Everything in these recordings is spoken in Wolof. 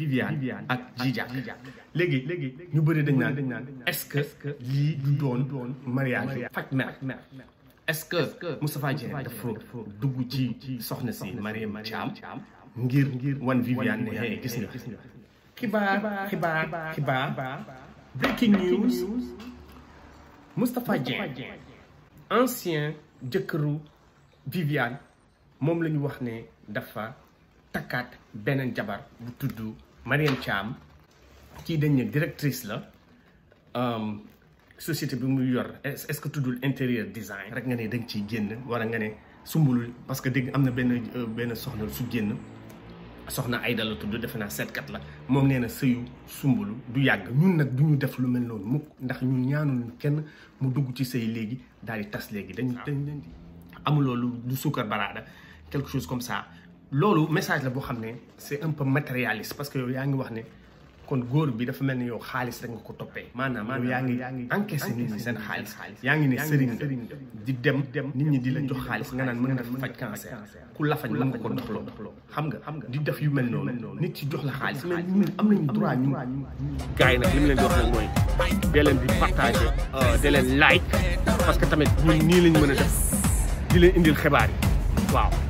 Viviane ak Jijak léegi léegi ñu bëri dañ naan est-ce que li du doon mariage faj mer est-ce que Moustapha Dieng dafa dugg ci soxna si Mariam Thiam ngir ngir wan Viviane ne hey gis nga xibaar xibaar xibaar breaking news Moustapha Dieng ancien jëkkëru Viviane moom la ñu wax ne dafa takkaat beneen jabar bu tudd Mariam Thiam kii dañ ne directrice la um, société bi muy yor est-ce que tuddul intérieur design rek nga ne da nga ciy génn wala nga ne sumbulul parce que dégg am na benn euh, benn soxna su génn soxna Aïda la tudd defe naa seetkat la moom nee na sëyu sumbulu du yàgg ñun nag du ñu def lu mel noonu mukk ndax ñun ñaanuñu kenn mu dugg ci sëy léegi daal di tas léegi dañ ah. dañ leen di amuloo lu suukar baraada quelque chose comme ça loolu message la boo xam ne c'est un peu matérialiste parce que yow yaa ngi wax ne kon góor bi dafa mel ni yow xaalis rek nga ko toppee maanaam maanaam yaa ngi ngi encaissé nit ñi seen yaa ngi ne sëriñ la di dem nit ñi di la jox xaalis nga naan mën nga faj cancer ku lafañ mën nga ko doxloo doxloo xam nga di def yu mel noonu nit ci jox la xaalis mais ñun na nañu droit ñu gars yi nag li mu leen di wax nag mooy dee leen di partagé euh, dee leen like parce tamit ñun nii lañ mën a def di leen indil xibaar yi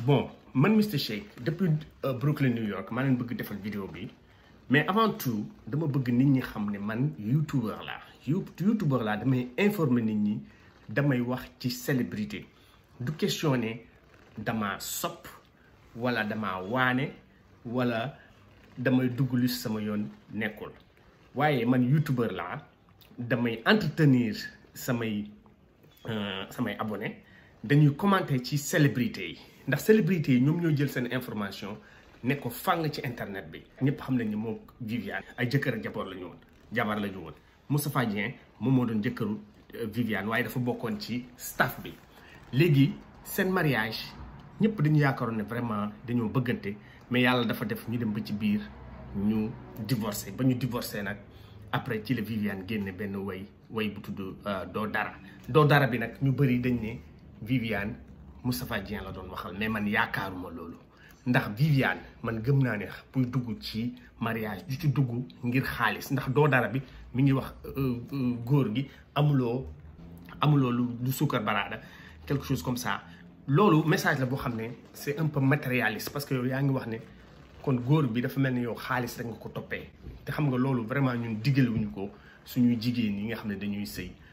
bon man Mr. Shake depuis euh, Brooklyn New York maa leen bëgg defal vidéo bi mais avant tout dama bëgg nit ñi xam ne man youtubeur youtuber youtubeur laa damay informer nit ñi damay wax ci célébrité du question ne dama sop, wala dama waane wala damay dugg lu sama yoon nekkul waaye man youtubeur laa damay entretenir samoy samay euh, abonné dañuy commenter ci célébrité yi ndax célébrité yi ñoom ñoo jël seen information ne ko fàng ci internet bi ñëpp xam nañ ni moom Viviane ay jëkkër ak jabar la ñu woon jabar la ñu woon Moustapha Dieng moom moo doon jëkkëru euh, Viviane waaye dafa bokkoon ci staff bi léegi seen mariage ñëpp dañu yaakaaroon ne vraiment dañoo bëggante mais yàlla dafa def ñu dem ba ci biir ñu divorcé ba ñu divorcé nag après ci la Viviane génne benn way way bu tudd euh, doo dara doo dara bi nag ñu bëri dañ ne Viviane Moustapha Dieng la doon waxal mais man yaakaaruma loolu ndax Viviane man gëm naa ne buy dugg ci mariage du ci dugg ngir xaalis ndax doo dara bi mu ngi wax euh, euh, góor gi amuloo amuloo lu suukar baraada quelque chose comme ça loolu message la boo xam ne c'est un peu matérialiste parce que yow yaa ngi wax ne kon góor bi dafa mel ni yow xaalis rek nga ko toppee te xam nga loolu vraiment ñun diggaluñu ko suñuy jigéen yi nga xam ne dañuy sëy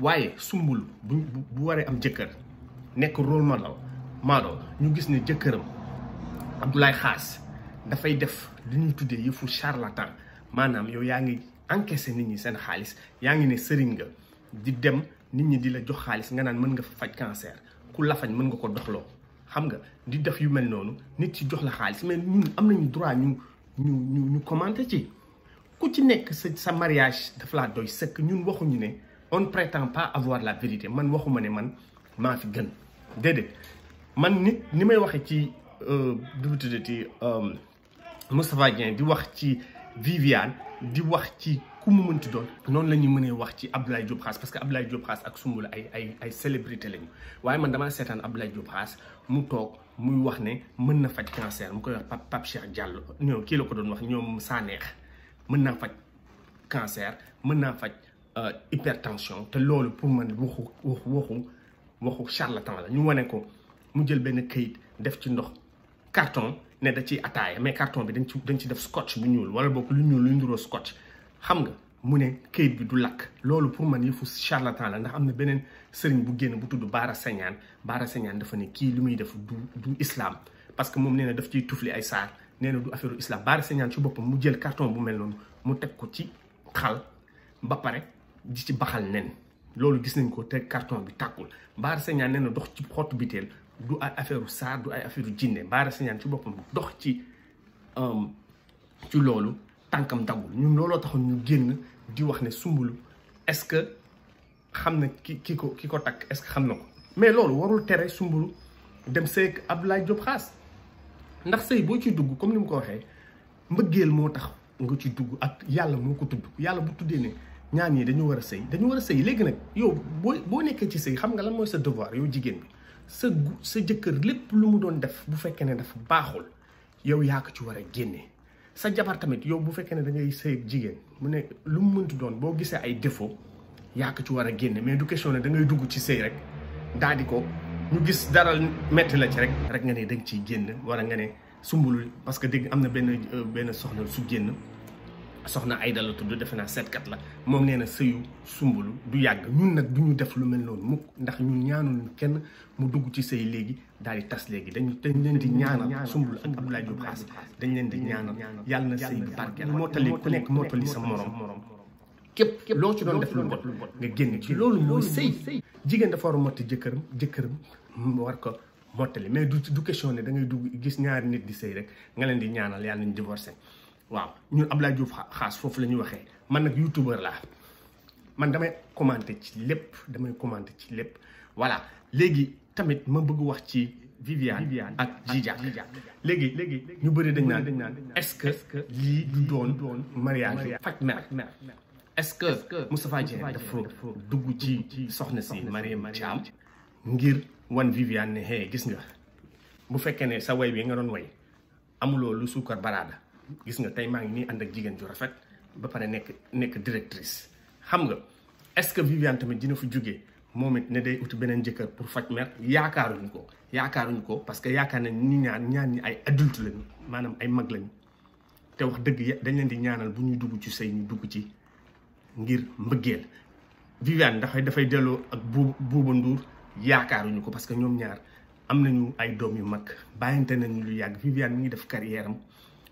waaye sumbul bu bu waree am jëkkër nekk rôle model maado ñu gis ne jëkkëram Abdoulaye Xaas dafay def li ñuy tuddee yëfu charlatan maanaam yow yaa ngi encaissé nit ñi seen xaalis yaa ngi ne sëriñ nga di dem nit ñi di la jox xaalis nga naan mën nga faj cancer ku la mën nga ko doxloo xam nga di def yu mel noonu nit ci jox la xaalis mais ñun am nañu droit ñu ñu ñu ñu commenter ci ku ci nekk sa sa mariage daf laa doy sëkk ñun waxuñu ne. on ne prétend pas avoir la vérité man waxuma ne man maa fi gën déedéet man nit ni may waxee ci du euh, tuddati euh, Moustapha Dieng di wax ci Viviane di wax ci ku mu mënti doon non lañu ñuy wax ci Abdoulaye Diop Khass parce que Abdoulaye Diop Khass ak Soumboulou ay ay ay célébrité lañu Waye man dama sétane Abdoulaye Diop Khass mu tok muy wax ne mën na faj cancer mu koy wax Pape Pape Cheikh Diallo ñoom ki la ko doon wax ñoom Saneex mën na faj cancer mën na faj. Euh, hypertension te loolu pour man waxu waxu waxu waxu charlatan la ñu wane ko mu jël benn këyit def ci ndox carton ne da ciy ataaya mais carton bi dañ ci dañ ci def scotch bu ñuul wala boog lu ñuul lu nduroo scotch xam nga mu ne këyit bi du lakk loolu pour man yëfu charlatan la ndax am na beneen sëriñ bu génn bu tudd Baara Señaan Baara Señaan dafa ne kii li muy def du du islam parce que moom nee na daf ciy tufli ay saar nee na du affaire islam Baara Señaan ci mu jël carton bu mel noonu mu teg ko ci xal ba pare. di ci baxal nen loolu gis nañ ko te carton bi takkul Baara Sagnane nee na dox ci xottu biteel du ay affaire saar du ay affaire jinne Baara Sagnane ci boppam dox ci euh, ci loolu tànkam daggul ñun looloo taxoon ñu génn di wax ne sumbulu est-ce que xam na ki ki ko ki ko takk est-ce que xam na ko mais loolu warul tere Soumboulou dem sëy ak Abdoulaye Diop Khass ndax sëy boo ci dugg comme ni mu ko waxee mbëggeel moo tax nga ci dugg ak yàlla moo ko tudd yàlla bu tuddee ne ñaan yi dañu war a sëy dañu war a sëy léegi nag yow boo boo nekkee ci sëy xam nga lan mooy sa devoir yow jigéen bi sa sa jëkkër lépp lu mu doon def bu fekkee ne dafa baaxul yow yaa ko ci war a génne sa jabar tamit yow bu fekkee ne da ngay sëy jigéen mu ne lu mu mënti doon boo gisee ay défaut yaa ko ci war a génne mais du question ne dangay dugg ci sëy rek daa di ko ñu gis dara metti la ci rek rek nga ne da nga ciy génn wala nga ne sumbulu parce que dégg am na benn euh, benn su génn soxna Aida la tudd defe naa seetkat la moom nee na sëyu sumbulu du yàgg ñun nag du ñu def lu mel noonu mukk ndax ñaanu ñaanul kenn mu dugg ci sëy léegi daal di tas léegi dañ dañ leen di ñaanal sumbulu ak Abdoulaye Diop Xaas dañ leen di ñaanal yàlla na sëy bi barkeel moo tali nekk moo tali sa morom képp loo ci doon def lu bon nga génn ci loolu mooy sëy jigéen dafa war a motti jëkkëram jëkkëram war ko mottali mais du du question ne da ngay dugg gis ñaari nit di sëy rek nga leen di ñaanal yàlla nañ divorcé waaw ñu ñun Abdoulaye Diouf xaas foofu la ñuy waxee man nag youtubeur laa man damay commenté ci lépp damay commenté ci lépp voilà léegi tamit ma bëgg wax ci Viviane ak Djidiack léegi léegi ñu bëri dañ naan est-ce que lii du doon mariage faj mer est-ce que Moustapha Dieng dafa dugg ci soxna si Mariam Thiam ngir wan Viviane ne hey gis nga bu fekkee ne sa way bi nga doon way amuloo lu suukar baraada gis nga tey maa ngi nii ànd ak jigéen ju rafet ba pare nekk nekk directrice xam nga est-ce que Viviane tamit dina fi jógee moom it ne day uti beneen jëkkër pour faj mer yaakaaruñu ko yaakaaruñu ko parce que yaakaar nañ ñu ñaar ñaar ñi ay adulte lañu maanaam ay mag lañu te wax dëgg dañ leen di ñaanal bu ñuy dugg ci sëy ñu dugg ci ngir mbëggeel Viviane dafay dafay delloo ak bu Bouba Ndour yaakaaruñu ko parce que ñoom ñaar am nañu ay doom yu mag bàyyante nañu lu yàgg Viviane mu ngi def carrière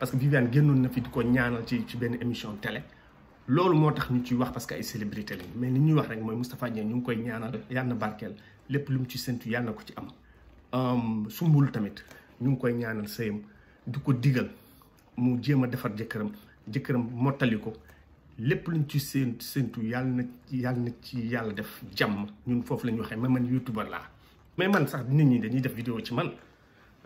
parce que Viviane génnoon na fi di ko ñaanal ci ci benn émission télé loolu moo tax ñu ciy wax parce que ay célébrité lañ mais li ñuy wax rek mooy Moustapha Dieng ñu ngi koy ñaanal yal na barkeel lépp lu mu ci séntu yal ko ci am sumbul tamit ñu ngi koy ñaanal sëyam di ko digal mu jéem a defar jëkkëram jëkkëram mottali ko lépp luñ ci séntu séntu yàlla na yàlla na ci yàlla def jàmm ñun foofu la ñu waxee man man youtubeur laa mais man sax nit ñi dañuy def vidéo ci man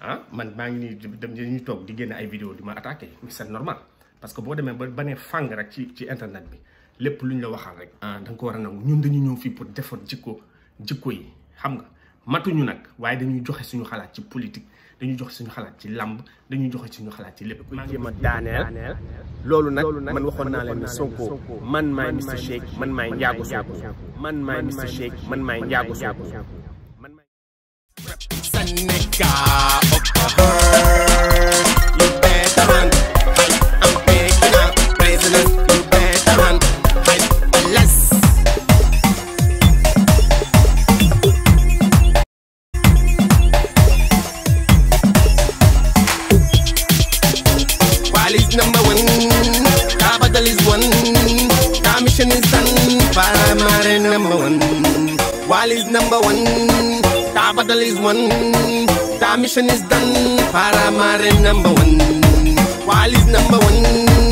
ah man maa ngi nii dem dañuy toog di génne ay vidéo di ma attaqué mais c'est normal parce que boo demee ba ne fàng rek ci ci internet bi lépp lu ñu la waxal rek. ah da ko war a nangu ñun dañu ñëw fii pour defar jikko jikko yi xam nga matuñu nag waaye dañuy joxe suñu xalaat ci politique dañuy joxe suñu xalaat ci làmb dañuy joxe suñu xalaat ci lépp. maa ngi ma daaneel loolu nag man waxoon naa leen ne Sonko man maay Mister Shake man maay Ndiago Sonko man maay Mister Shake man maay Ndiago Sonko. Sénégal is one. Our mission is done. Paramare number one. Wali's number one.